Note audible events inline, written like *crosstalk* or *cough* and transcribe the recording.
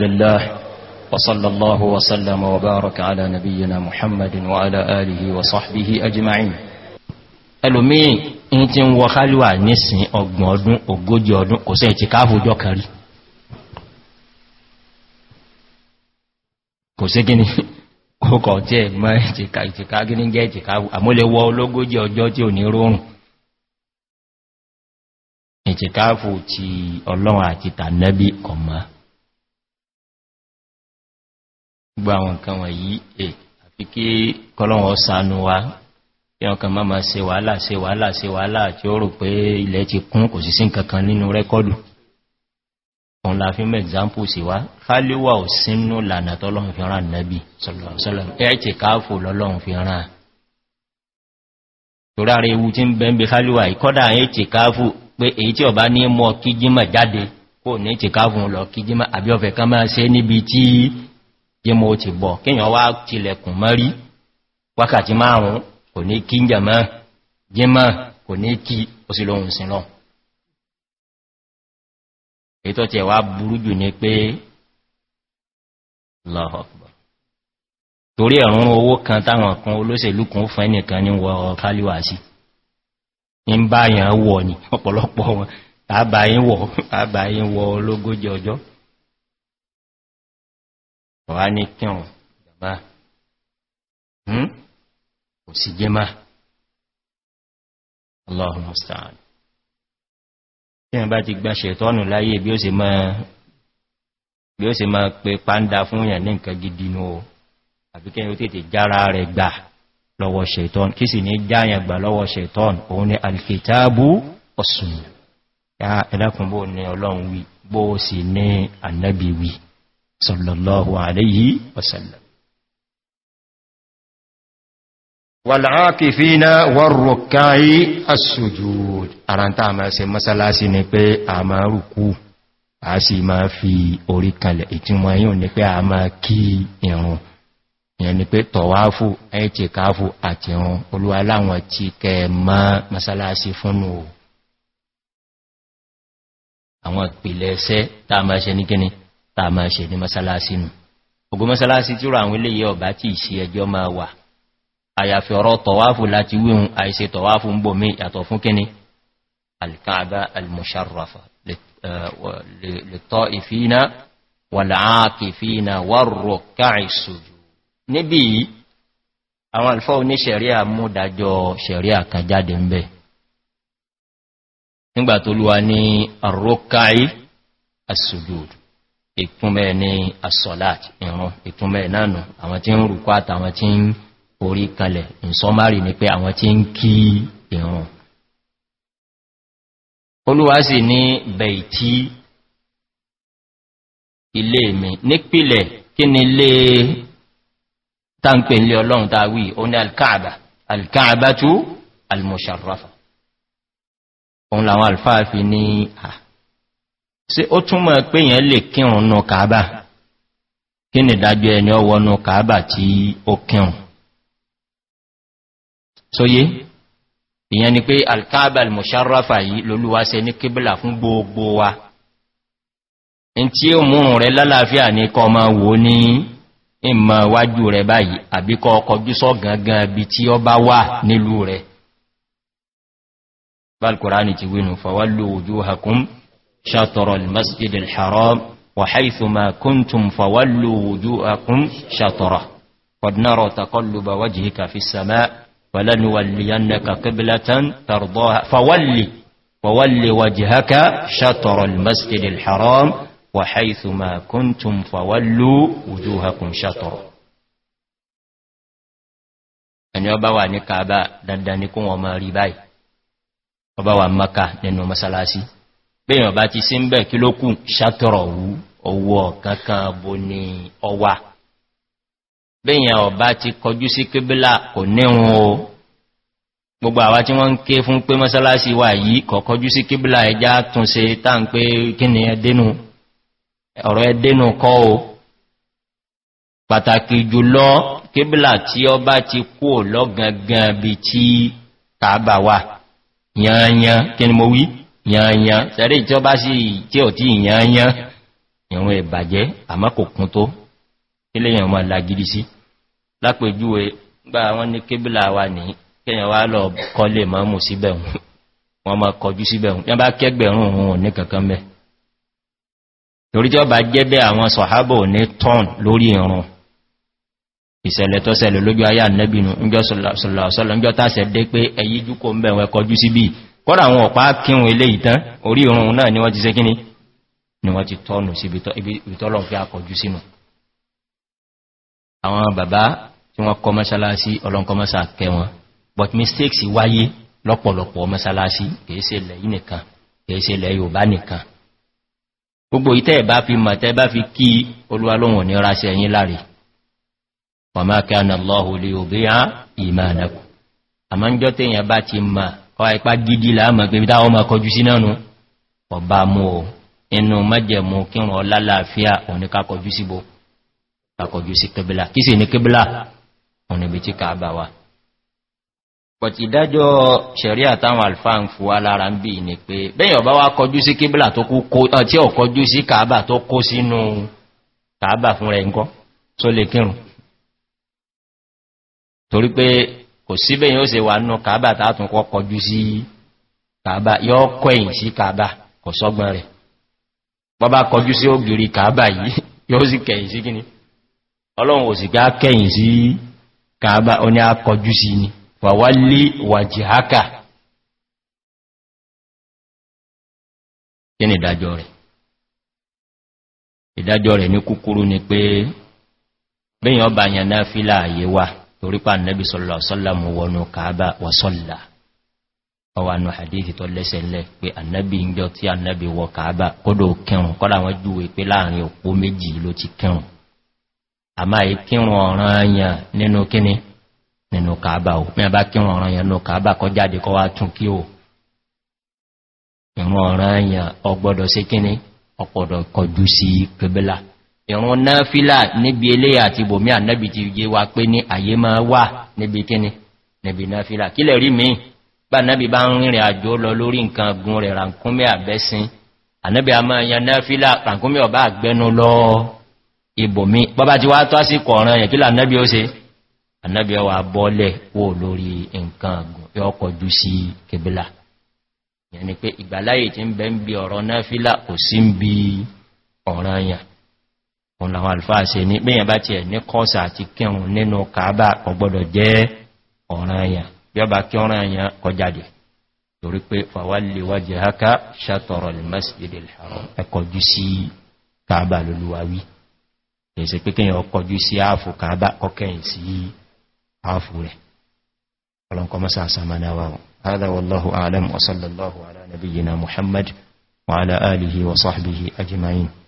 لله وصلى الله وسلم وبارك على نبينا محمد وعلى آله وصحبه أجمعين ẹlòmí in ti ń wọ kálíwà nísìn ọgbọ̀n ọdún ogójì ọdún kò sẹ́ ti káàfù ọjọ́ kan rí kò sí gíní *laughs* kókọ̀ tí ẹ̀ mọ́ ìtìká gíní jẹ́ ìtìkáwù àmúlẹ̀wọ́ ológójì ọjọ́ tí ò ní rọrùn ìtìkáàfù ti ọlọ́run àti tànẹ́bí kọ̀mọ́ gbogbo àwọn nǹkan wọ̀nyí è eh, àfi kí kọlọ́wọ́ sánú wa kí ọkàn má ma se wàhálà se wàhálà se wàhálà tí ó rò pé ilẹ̀ ti kún kò sí sí nkankan nínú rẹ́kọ́dù òun la fi mọ́ ẹ̀gbámpù sí wá fáliwà ò sínú lànà tọ́lọ́run fi rán nẹ́bí sọ̀lọ̀sọ̀lọ̀ ẹ̀ ti káàfò lọ́lọ́run fi rán torá rẹ̀ ewu tí ń bẹ́ ń bẹ fáliwà ìkọ́dà ẹ̀ èyí tí ọba ní mọ́ kíjímọ̀ jáde kó ní ti káàfò lọ kíjímọ̀ àbí ọ̀fẹ́ kan máa ṣe níbi tí jẹmọ́ ó ti bọ̀ kíyàn wá tilẹ̀kùn mọ́ wákàtí márùn-ún kò ní kí ń jẹmọ́ jẹmọ́ kò ní kí ó sì lóhun sí lọ ètò tí ẹ̀wà burú jù ní pé lọ́ọ̀pọ̀ torí ẹ̀rùn owó kan táwọn kan olóṣèlú kan fún ẹnìkan ní wọ kálíwà sí ń bá yàn ní ọ̀pọ̀lọpọ̀ wọn tàbáyín wọ ológójì ọjọ́ wà ní kíọ̀n jàmá kò sí jẹ máa allahun musta'an tí wọ́n bá ti gbá ṣètọ́nù láyé bí ó sì máa pe pàndà fún èèyàn ní nǹkan gidi ní o àbíkẹ́ yóò tètè jára rẹ̀ gbà lọ́wọ́ ṣètọ́n kí sì ní jáyàn gbà lọ́wọ́ ṣètọ́n òun ni alkitabu ọ̀sùn ya ni ọlọ́run wí bó sì ní annabi wí sallallahu alayhi wasallam wàl'ákìfínà wọ́rùkáyí asùjúd àrántà máa se masalasi ni pé a máa rùkú a sì máa fi orí kalẹ̀ ìtìmọ̀ yíò ni pé a máa kí ìrùn ìyẹn ni pé tọ̀wáfù ẹ̀ẹ́tì káfù àti ìrùn olúwa láwọn ti kẹ ma masalasi fúnnù àwọn ìpìlẹ̀ ẹsẹ́ tàà máa se ní kíni tàà máa ṣe ní masalasi nù ogun masalasi tí ó àwọn ilé yẹ ọ̀bá tí ìṣe ẹjọ́ máa wà àyàfi ọ̀rọ̀ tọ̀wáfù láti wíhun àìṣe tọ̀wáfù ń bò mí yàtọ̀ fún kíní alkaaba almusharrafa nígbà tó lúwa ní àrókàí àsùjúdù ìkúnmẹ́ ní asọ́láàt ìran ìkúnmẹ́ nánu àwọn tí ń rùkú àtàwọn tí ń orí kalẹ̀ ìsọmárì ni pé àwọn tí ń kí ìran olúwa sì ní bẹ̀ìtí ilé mi nípìlẹ̀ kí ni ilé táǹpẹ̀ ilé ọlọ́run tàwí ó ní alkaaba alkaaba tú almusharrafa sí ó túnmọ̀ pé yẹn lè kírùn nù kàábà kí ni dájú ẹni ọwọ́ nù kàábà tí ó kírùn sóyé ìyẹn ni pé alkaabal musharrafa yìí lolúwa se ní kíbílà fún gbogbo wa in tí ó múrùn rẹ lálàáfíà ní kọ ma wò ní ìmọ̀ wájú rẹ báyìí àbíkọ ọkọ̀jú sọ gangan bí tí ọ bá wà nílùú rẹ̀ bá ti wínú fọwọ́lù ojú hakun شطر المسجد الحرام وحيثما كنتم فولوا وجوهكم شطره قد نرى تقلب وجهك في السماء فلنولينك قبلة ترضاها فول فول وجهك شطر المسجد الحرام وحيثما كنتم فولوا وجوهكم شطره أن يبوا نكابا ní وما dandanikún يبوا مكة لأنه ọba wà bíyàn bá ti sí ń bẹ̀ kí ló kù ṣàtọ̀rọ̀ wú owó kankan bó ní ọwà bíyàn ọba ti kọjú sí kébílà kò níhun o gbogbo àwá tí wọ́n ń ké fún pé mọ́sálásí wà yìí kọ̀ kọjú sí kébílà ẹjá tún se táà ń pé kí ni ẹdínú ọ̀rọ̀ ẹdínú kọ́ o pàtàkì jùlọ kébílà tí ọba ti kú lọ́gangan bí tí tàbà wà yanyan kí ni mo wí yanyan sẹ́rí tí ó bá sí tí ò tí yanyan ìrún ìbàjẹ́ àmá kò kún tó ilé yàn mọ́ lagidi sí lápèjúwe gbá wọ́n ní kébìlà wà ní kíyàn wá lọ kọlé mọ́mù síbẹ̀ wọ́n ma kọjú síbẹ̀ wọ́n bá kẹgbẹ̀rún òun ní kankan mẹ́ torí tí ó bá jẹ́ bẹ́ àwọn sọ̀hábò ní tọ́n lórí ìrún ìṣẹ̀lẹ̀ tó lójú ayá nẹ́bìnú ń jọ sọ̀lọ̀ sọ̀lọ̀ ń jọ tàṣẹ̀ dé pé ẹ̀yíjú kò ń kọjú síbí kọ́dà àwọn ọ̀pá kíhun ilé ìtán orí ìrùn náà ni wọ́n ti sé kíní ni wọ́n ti tọ́nù sí ibitọ́lọ̀ fi akọjú sínú àwọn bàbá tí wọ́n kọ mọ́sálásí ọlọ́nkọmọ́sá kẹ but mistakes wáyé lọ́pọ̀lọpọ̀ mọ́sálásí kèése lẹ̀ yí nìkan kèése lẹ̀ yóò nìkan gbogbo ìtẹ́ ìbá fi mọ̀ tẹ́ bá fi kí olúwalóhùn ní ráṣẹ́ yín láre wàmákan ń jọ́ tẹ́yìn bá ti mọ̀ ọ̀ àìpá gidi láàmà pé dáwọn ọmọ kọjú sí náà nù ọba mú o inú mẹ́jẹ̀mú kí wọ́n lálàáfíà oníkakọjú síbo kakọjú sí kébìlá kí sì ní kébìlá oníbi tí ká bà wá pọ̀tìdájọ́ ṣẹ̀rí àtàwọn alfáà ń fúwá lára ń bí ní pé bẹ́yìn ọba wá kọjú sí kébìlá tó kú tí ọ̀ kọjú sí kàábà torí pé kò síbẹ̀ ó sì wà nínú kàábà tààtùn kọ́ kọjú sí kàábà yóò kọ́ èyìn sí kàábà kò sọ́gbọ́n rẹ̀ bọ́bá kọjú sí ògìrì kàábà yìí *laughs* yóò sì kẹ̀yìn sí gíní ọlọ́run sì sí kàábà ó ní a kọjú sí ni bẹ́yìn ọba torípa nẹ́bí sọ́lọ̀ sọ́lọ̀mù wọnú kàábà wà sọ́lá ọwà nù hadithi tó lẹ́sẹ̀ lẹ́ pé annabi ń jọ tí annabi wọ kàábà kódò kẹrùn kọ́dà wọ́n júwe pé láàrin òpó méjì ló ti kẹrùn a máa kírùn ọ̀ràn ayàn nínú kíní nínú kàábà ò mẹ́ bá kírùn ọ̀ràn ayàn nínú kàábà kọ jáde kọ́ wá tún kí ò ìrùn ọ̀ràn ayàn ọgbọ́dọ̀ sí kíní ọpọ̀dọ̀ kọjú sí kẹbílà ìrún náfílà níbi eléyà àti bòmí ànábì ti jẹ wa pé ní àyè máa wà níbi kíni níbi náfílà kílẹ̀ rí mi bá nábi bá ń rìnrìn àjò lọ lórí nǹkan gun rẹ̀ rànkúnmí àbẹ́sìn ànábì a máa yan náfílà rànkúnmí ọba àgbẹnu lọ ibòmí bọ́bá ti wá tọ́ sí kọ̀ọ̀ràn yẹ̀ kílà nábi ó se ànábì ọwà bọ́ọ̀lẹ̀ wò lórí nǹkan gun yọ́kọ̀ jú sí kebìlà yẹni pé ìgbàláyè ti ń bẹ́ ń bi ọ̀rọ̀ náfílà kò sí ń bi ọ̀ràn yàn ọ̀nà àwọn alfáà se ní bẹ́yàn bá ti ẹ̀ ní kọ́ọ̀sà àti kírùn nínú kàábà ọgbọ́dọ̀ jẹ́ ọ̀ràn àyàn yọba kí ọ̀ràn àyàn kọjáde torí pé fàwálèwájẹ̀ haka ṣàtọ̀rọ̀ lè mẹ́sìdìdì ẹkọjú sí هذا والله أعلم وصلى الله على نبينا محمد وعلى آله وصحبه أجمعين